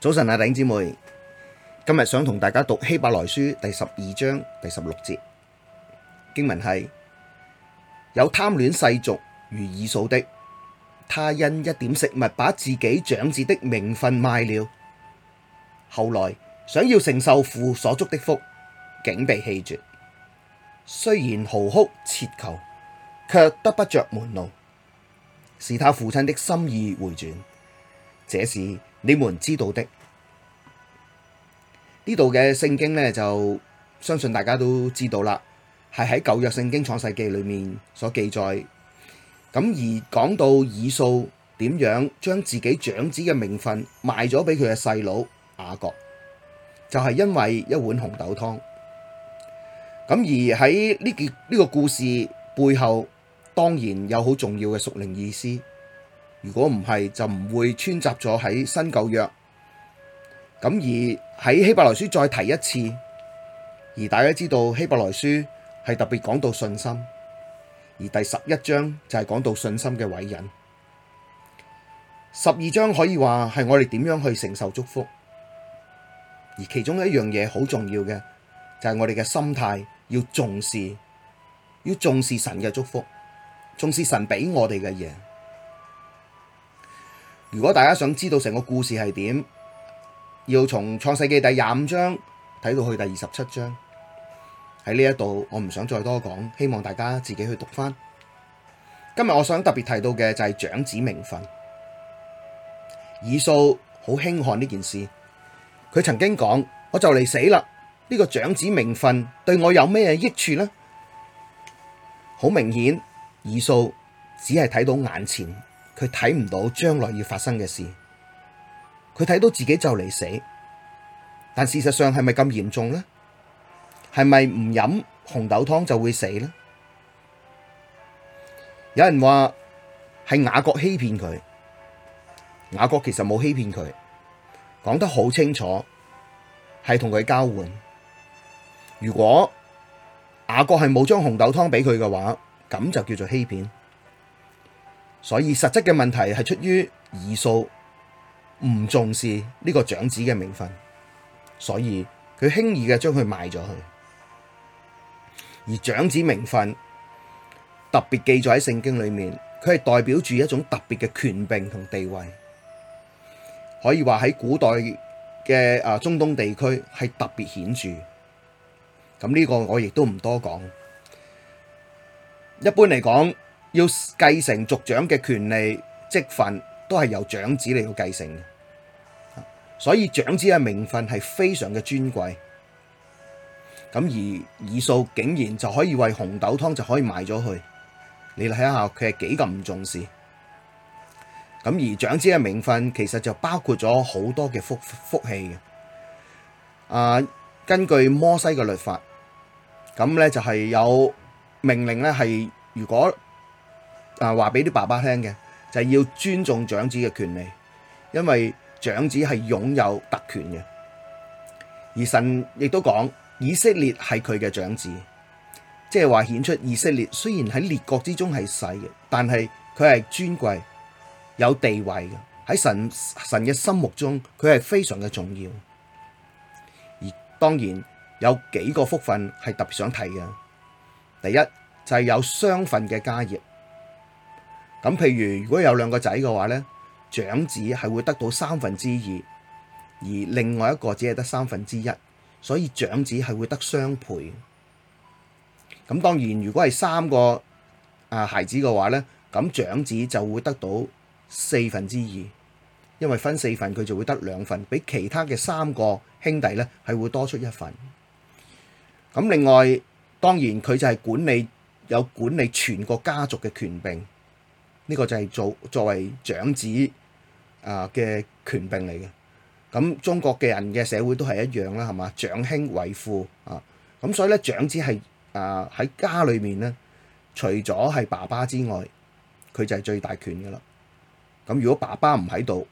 早晨啊，弟兄姊妹，今日想同大家讀希伯來書第十二章第十六節經文係：有貪戀世俗如以掃的，他因一點食物把自己長子的名分賣了，後來想要承受父所祝的福，竟被棄絕。雖然嚎哭切求，卻得不着門路，使他父親的心意回轉。這是你們知道的，呢度嘅聖經呢，就相信大家都知道啦，係喺舊約聖經創世紀裏面所記載。咁而講到以掃點樣將自己長子嘅名分賣咗俾佢嘅細佬雅各，就係因為一碗紅豆湯。咁而喺呢件呢個故事背後，當然有好重要嘅屬靈意思。如果唔係，就唔會穿插咗喺新舊約。咁而喺希伯來書再提一次，而大家知道希伯來書係特別講到信心，而第十一章就係講到信心嘅偉人。十二章可以話係我哋點樣去承受祝福，而其中一樣嘢好重要嘅就係我哋嘅心態要重視，要重視神嘅祝福，重視神俾我哋嘅嘢。如果大家想知道成個故事係點，要從創世紀第廿五章睇到去第二十七章，喺呢一度我唔想再多講，希望大家自己去讀翻。今日我想特別提到嘅就係長子名分，以掃好輕看呢件事。佢曾經講：「我就嚟死啦，呢個長子名分對我有咩益處呢？」好明顯，以掃只係睇到眼前。佢睇唔到將來要發生嘅事，佢睇到自己就嚟死，但事實上係咪咁嚴重咧？係咪唔飲紅豆湯就會死咧？有人話係雅各欺騙佢，雅各其實冇欺騙佢，講得好清楚，係同佢交換。如果雅各係冇將紅豆湯俾佢嘅話，咁就叫做欺騙。所以實質嘅問題係出於以掃唔重視呢個長子嘅名分，所以佢輕易嘅將佢賣咗佢。而長子名分特別記載喺聖經裏面，佢係代表住一種特別嘅權柄同地位，可以話喺古代嘅啊中東地區係特別顯著。咁呢個我亦都唔多講。一般嚟講。要繼承族長嘅權利、職份都係由長子嚟到繼承嘅，所以長子嘅名分係非常嘅尊貴。咁而以掃竟然就可以為紅豆湯就可以賣咗佢。你睇下佢係幾咁唔重視。咁而長子嘅名分其實就包括咗好多嘅福福氣嘅。啊，根據摩西嘅律法，咁呢就係、是、有命令呢係如果啊，話俾啲爸爸聽嘅就係要尊重長子嘅權利，因為長子係擁有特權嘅。而神亦都講以色列係佢嘅長子，即係話顯出以色列雖然喺列國之中係細嘅，但係佢係尊貴有地位嘅。喺神神嘅心目中，佢係非常嘅重要。而當然有幾個福分係特別想睇嘅，第一就係有雙份嘅家業。咁，譬如如果有兩個仔嘅話，呢長子係會得到三分之二，而另外一個只係得三分之一，所以長子係會得雙倍。咁當然，如果係三個啊孩子嘅話，呢咁長子就會得到四分之二，因為分四份，佢就會得兩份，比其他嘅三個兄弟呢係會多出一份。咁另外，當然佢就係管理有管理全個家族嘅權柄。呢個就係做作為長子啊嘅權柄嚟嘅，咁中國嘅人嘅社會都係一樣啦，係嘛？長兄為父啊，咁所以咧長子係啊喺家裏面咧，除咗係爸爸之外，佢就係最大權嘅啦。咁，啊，如果爸爸唔喺度，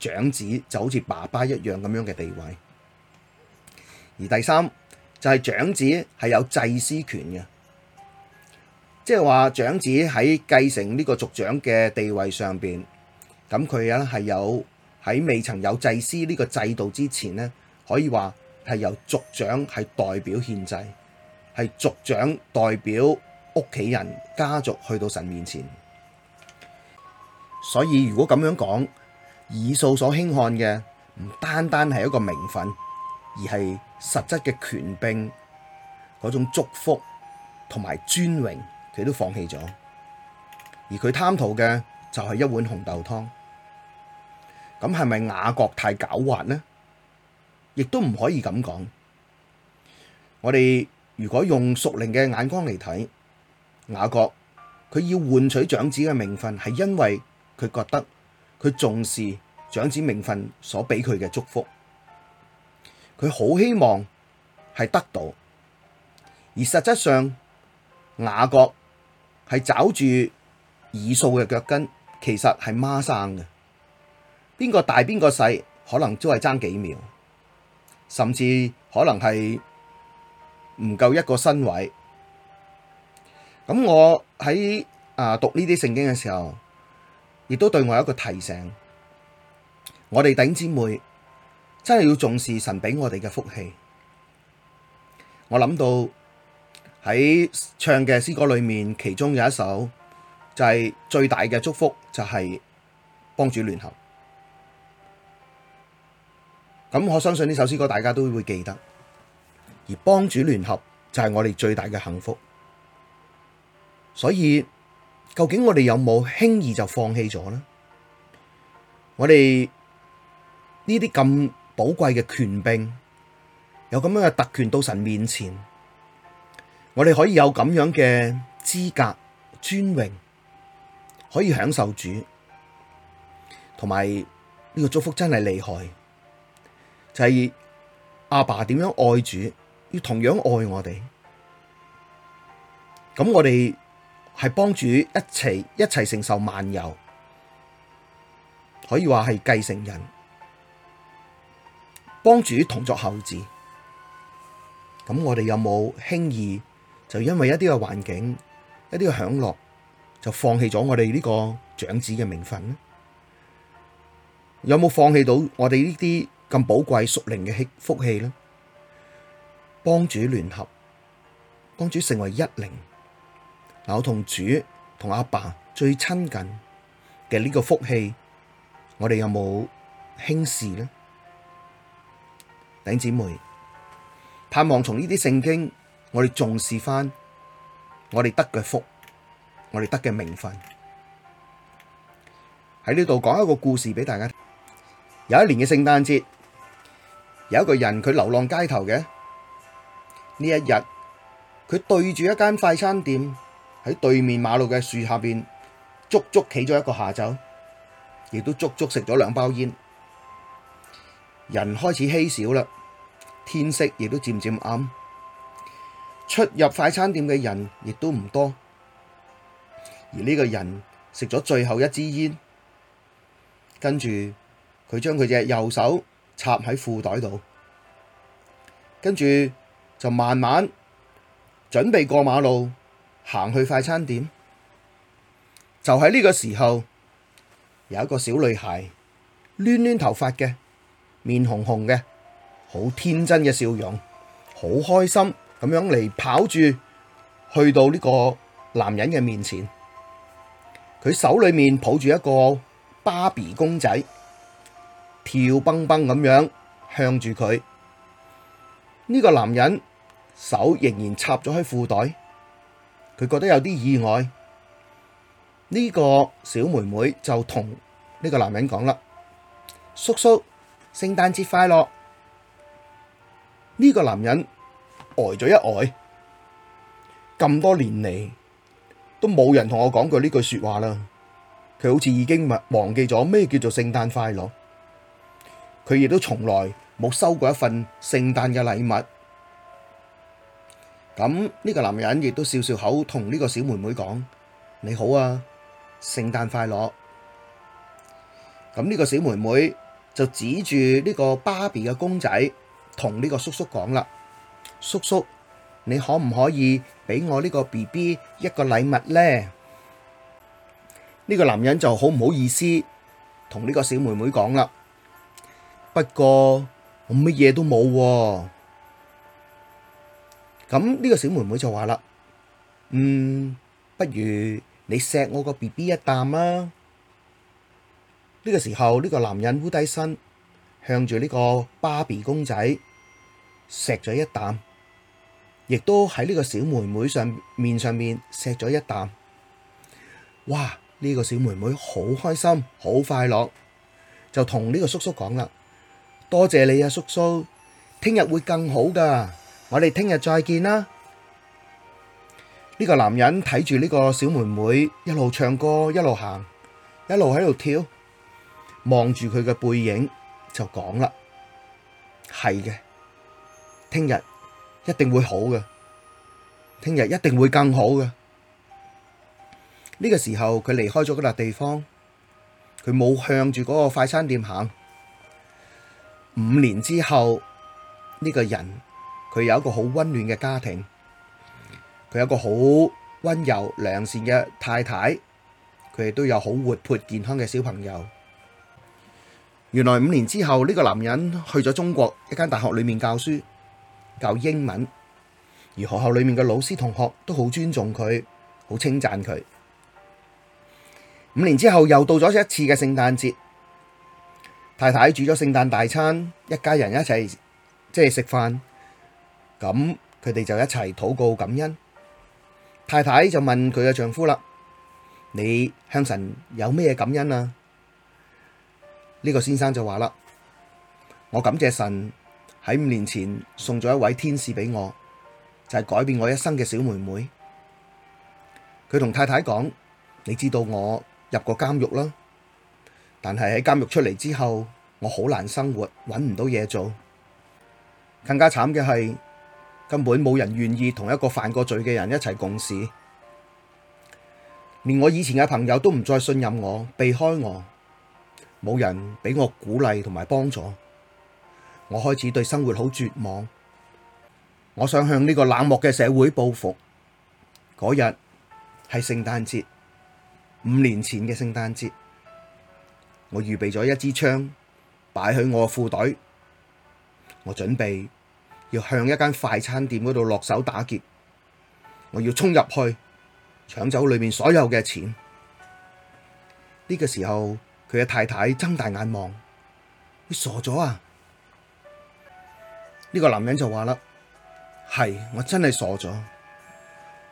長子就好似爸爸一樣咁樣嘅地位。而第三就係、是、長子係有祭司權嘅。即係話長子喺繼承呢個族長嘅地位上邊，咁佢啊，係有喺未曾有祭司呢個制度之前呢，可以話係由族長係代表獻祭，係族長代表屋企人家族去到神面前。所以如果咁樣講，以掃所輕看嘅唔單單係一個名分，而係實質嘅權柄，嗰種祝福同埋尊榮。佢都放棄咗，而佢貪圖嘅就係一碗紅豆湯。咁係咪雅各太狡猾呢？亦都唔可以咁講。我哋如果用屬靈嘅眼光嚟睇，雅各佢要換取長子嘅名分，係因為佢覺得佢重視長子名分所俾佢嘅祝福。佢好希望係得到，而實質上雅各。係找住以掃嘅腳跟，其實係孖生嘅。邊個大，邊個細？可能都係爭幾秒，甚至可能係唔夠一個身位。咁我喺啊讀呢啲聖經嘅時候，亦都對我有一個提醒。我哋弟兄姊妹真係要重視神俾我哋嘅福氣。我諗到。喺唱嘅詩歌裏面，其中有一首就係最大嘅祝福，就係幫主聯合。咁我相信呢首詩歌大家都會記得，而幫主聯合就係我哋最大嘅幸福。所以，究竟我哋有冇輕易就放棄咗呢？我哋呢啲咁寶貴嘅權柄，有咁樣嘅特權到神面前。我哋可以有咁樣嘅資格尊榮，可以享受主，同埋呢個祝福真係厲害。就係、是、阿爸點樣愛主，要同樣愛我哋。咁我哋係幫主一齊一齊承受漫遊，可以話係繼承人，幫主同作後子。咁我哋有冇輕易？就因為一啲嘅環境，一啲嘅享樂，就放棄咗我哋呢個長子嘅名分咧。有冇放棄到我哋呢啲咁寶貴屬靈嘅福氣咧？幫主聯合，幫主成為一靈，嗱我同主同阿爸，爸最親近嘅呢個福氣，我哋有冇輕視呢？弟兄姊妹，盼望從呢啲聖經。我哋重視翻我哋得嘅福，我哋得嘅名分。喺呢度講一個故事俾大家聽。有一年嘅聖誕節，有一個人佢流浪街頭嘅。呢一日，佢對住一間快餐店，喺對面馬路嘅樹下邊，足足企咗一個下晝，亦都足足食咗兩包煙。人開始稀少啦，天色亦都漸漸暗。出入快餐店嘅人亦都唔多，而呢個人食咗最後一支煙，跟住佢將佢隻右手插喺褲袋度，跟住就慢慢準備過馬路行去快餐店。就喺呢個時候，有一個小女孩，攣攣頭髮嘅，面紅紅嘅，好天真嘅笑容，好開心。咁樣嚟，跑住去到呢個男人嘅面前，佢手裏面抱住一個芭比公仔，跳蹦蹦咁樣向住佢。呢個男人手仍然插咗喺褲袋，佢覺得有啲意外。呢個小妹妹就同呢個男人講啦：叔叔，聖誕節快樂！呢個男人呆咗一呆，咁多年嚟都冇人同我講過呢句說話啦。佢好似已經忘忘記咗咩叫做聖誕快樂。佢亦都從來冇收過一份聖誕嘅禮物。咁呢個男人亦都笑笑口同呢個小妹妹講：你好啊，聖誕快樂。咁呢個小妹妹就指住呢個芭比嘅公仔同呢個叔叔講啦。叔叔，你可唔可以俾我呢個 B B 一個禮物呢？呢、這個男人就好唔好意思同呢個小妹妹講啦不過我乜嘢都冇喎，啊。咁呢個小妹妹就話啦：嗯，不如你錫我個 B B 一啖啦。呢、這個時候，呢個男人烏低身向住呢個芭比公仔錫咗一啖。亦都喺呢個小妹妹上面上面錫咗一啖，哇！呢個小妹妹好開心，好快樂，就同呢個叔叔講啦：多謝你啊，叔叔，聽日會更好噶，我哋聽日再見啦。呢個男人睇住呢個小妹妹一路唱歌，一路行，一路喺度跳，望住佢嘅背影就講啦：係嘅，聽日。一定會好嘅，聽日一定會更好嘅。呢個時候佢離開咗嗰笪地方，佢冇向住嗰個快餐店行。五年之後，呢個人佢有一個好溫暖嘅家庭，佢有一個好溫柔良善嘅太太，佢亦都有好活潑健康嘅小朋友。原來五年之後，呢個男人去咗中國一間大學裏面教書。教英文，而學校裏面嘅老師同學都好尊重佢，好稱讚佢。五年之後又到咗一次嘅聖誕節，太太煮咗聖誕大餐，一家人一齊即係食飯，咁佢哋就一齊禱告感恩。太太就問佢嘅丈夫啦：，你向神有咩感恩啊？呢個先生就話啦：，我感謝神。喺五年前送咗一位天使俾我，就係改變我一生嘅小妹妹。佢同太太講：你知道我入過監獄啦，但係喺監獄出嚟之後，我好難生活，揾唔到嘢做。更加慘嘅係，根本冇人願意同一個犯過罪嘅人一齊共事，連我以前嘅朋友都唔再信任我，避開我，冇人俾我鼓勵同埋幫助。我開始對生活好絕望，我想向呢個冷漠嘅社會報復。嗰日係聖誕節，五年前嘅聖誕節，我預備咗一支槍擺喺我褲袋，我準備要向一間快餐店嗰度落手打劫，我要衝入去搶走裏面所有嘅錢。呢個時候，佢嘅太太睜大眼望，你傻咗啊！呢個男人就話啦，係我真係傻咗，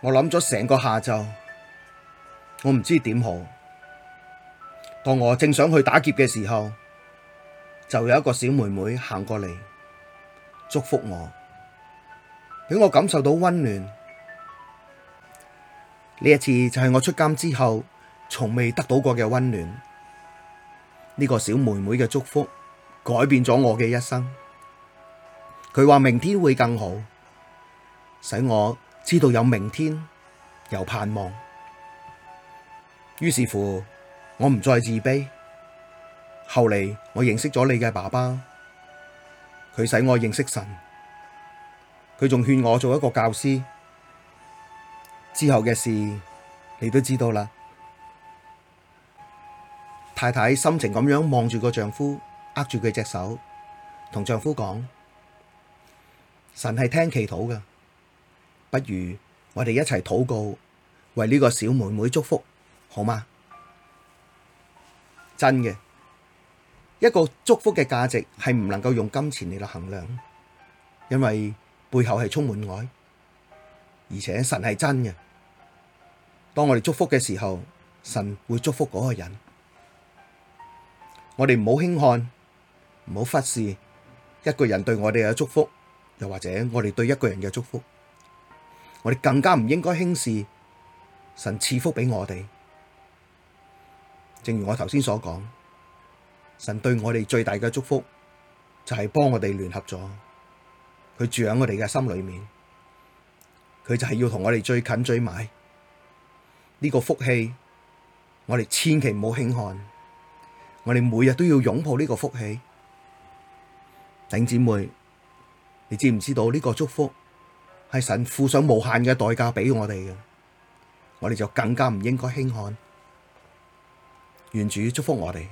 我諗咗成個下晝，我唔知點好。當我正想去打劫嘅時候，就有一個小妹妹行過嚟，祝福我，俾我感受到溫暖。呢一次就係我出監之後從未得到過嘅溫暖。呢個小妹妹嘅祝福改變咗我嘅一生。佢話明天會更好，使我知道有明天，有盼望。於是乎，我唔再自卑。後嚟我認識咗你嘅爸爸，佢使我認識神。佢仲勸我做一個教師。之後嘅事你都知道啦。太太深情咁樣望住個丈夫，握住佢隻手，同丈夫講。神係聽祈禱噶不如我哋一齊禱告，為呢個小妹妹祝福，好嗎？真嘅，一個祝福嘅價值係唔能夠用金錢嚟到衡量，因為背後係充滿愛，而且神係真嘅。當我哋祝福嘅時候，神會祝福嗰個人。我哋唔好輕看，唔好忽視一個人對我哋嘅祝福。又或者我哋對一個人嘅祝福，我哋更加唔應該輕視。神賜福俾我哋，正如我頭先所講，神對我哋最大嘅祝福就係幫我哋聯合咗佢住喺我哋嘅心裏面，佢就係要同我哋最近最埋呢個福氣，我哋千祈唔好輕看，我哋每日都要擁抱呢個福氣，弟姊妹。你知唔知道呢個祝福係神付上無限嘅代價畀我哋嘅，我哋就更加唔應該輕看。願主祝福我哋。